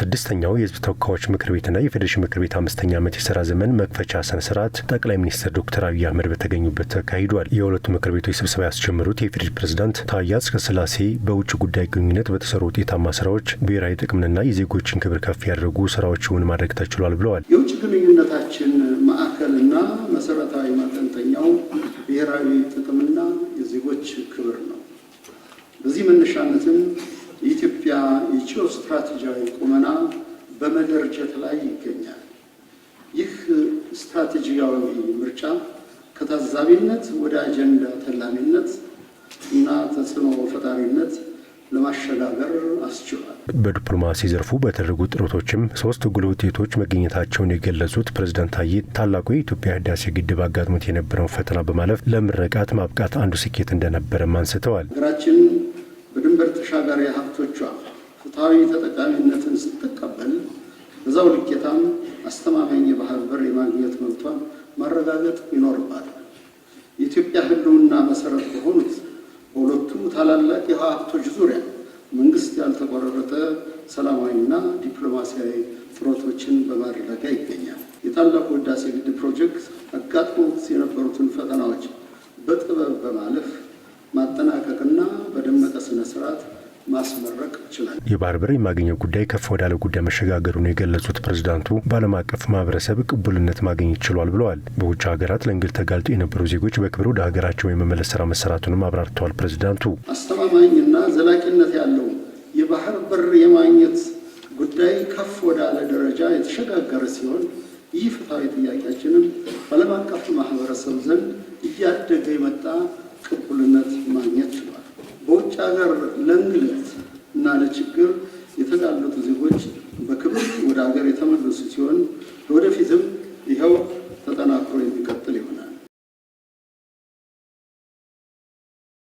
ስድስተኛው የህዝብ ተወካዮች ምክር ቤትና የፌዴሬሽን ምክር ቤት አምስተኛ ዓመት የስራ ዘመን መክፈቻ ስነ-ስርዓት ጠቅላይ ሚኒስትር ዶክተር አብይ አህመድ በተገኙበት ተካሂዷል። የሁለቱ ምክር ቤቶች ስብሰባ ያስጀምሩት የፌዴሪ ፕሬዝዳንት ታዬ አጽቀሥላሴ በውጭ ጉዳይ ግንኙነት በተሰሩ ውጤታማ ስራዎች ብሔራዊ ጥቅምንና የዜጎችን ክብር ከፍ ያደረጉ ስራዎች እውን ማድረግ ተችሏል ብለዋል። የውጭ ግንኙነታችን ማዕከልና መሰረታዊ ማጠንጠኛው ብሔራዊ ጥቅምና የዜጎች ክብር ነው። በዚህ መነሻነትም የኢትዮጵያ የጂኦ ስትራቴጂያዊ ቁመና በመደርጀት ላይ ይገኛል። ይህ ስትራቴጂያዊ ምርጫ ከታዛቢነት ወደ አጀንዳ ተላሚነት እና ተጽዕኖ ፈጣሪነት ለማሸጋገር አስችሏል። በዲፕሎማሲ ዘርፉ በተደረጉ ጥረቶችም ሶስት ጉልህ ውጤቶች መገኘታቸውን የገለጹት ፕሬዝዳንት ታዬ ታላቁ የኢትዮጵያ ህዳሴ ግድብ አጋጥሞት የነበረውን ፈተና በማለፍ ለምረቃት ማብቃት አንዱ ስኬት እንደነበረም አንስተዋል። ሀገራችን በድንበር ተሻጋሪ ሀብቶቿ ፍትሐዊ ተጠቃሚነትን ስትቀበል በዛው ልኬታም አስተማማኝ የባህር በር የማግኘት መብቷን ማረጋገጥ ይኖርባታል። የኢትዮጵያ ሕልውና መሰረት በሆኑት በሁለቱም ታላላቅ የውሃ ሀብቶች ዙሪያ መንግስት ያልተቆራረጠ ሰላማዊና ዲፕሎማሲያዊ ጥረቶችን በማድረግ ይገኛል። የታላቁ ህዳሴ ግድብ ፕሮጀክት አጋጥሞት የነበሩትን ፈተናዎች በጥበብ በማለፍ ማጠናቀቅና በደመቀ ስነ ስርዓት ማስመረቅ የባህር የባርበር የማግኘት ጉዳይ ከፍ ወዳለ ጉዳይ መሸጋገሩን የገለጹት ፕሬዝዳንቱ በዓለም አቀፍ ማህበረሰብ ቅቡልነት ማግኘት ችሏል ብለዋል። በውጭ ሀገራት ለእንግልት ተጋልጦ የነበሩ ዜጎች በክብር ወደ ሀገራቸው የመመለስ ስራ መሰራቱንም አብራርተዋል። ፕሬዝዳንቱ አስተማማኝና ዘላቂነት ያለው የባህር በር የማግኘት ጉዳይ ከፍ ወዳለ ደረጃ የተሸጋገረ ሲሆን ይህ ፍትሐዊ ጥያቄያችንም በዓለም አቀፍ ማህበረሰብ ዘንድ እያደገ የመጣ ቅቡልነት ማግኘት ችሏል። በውጭ ሀገር ለእንግልት ያለ ችግር የተጋለጡ ዜጎች በክብር ወደ ሀገር የተመለሱ ሲሆን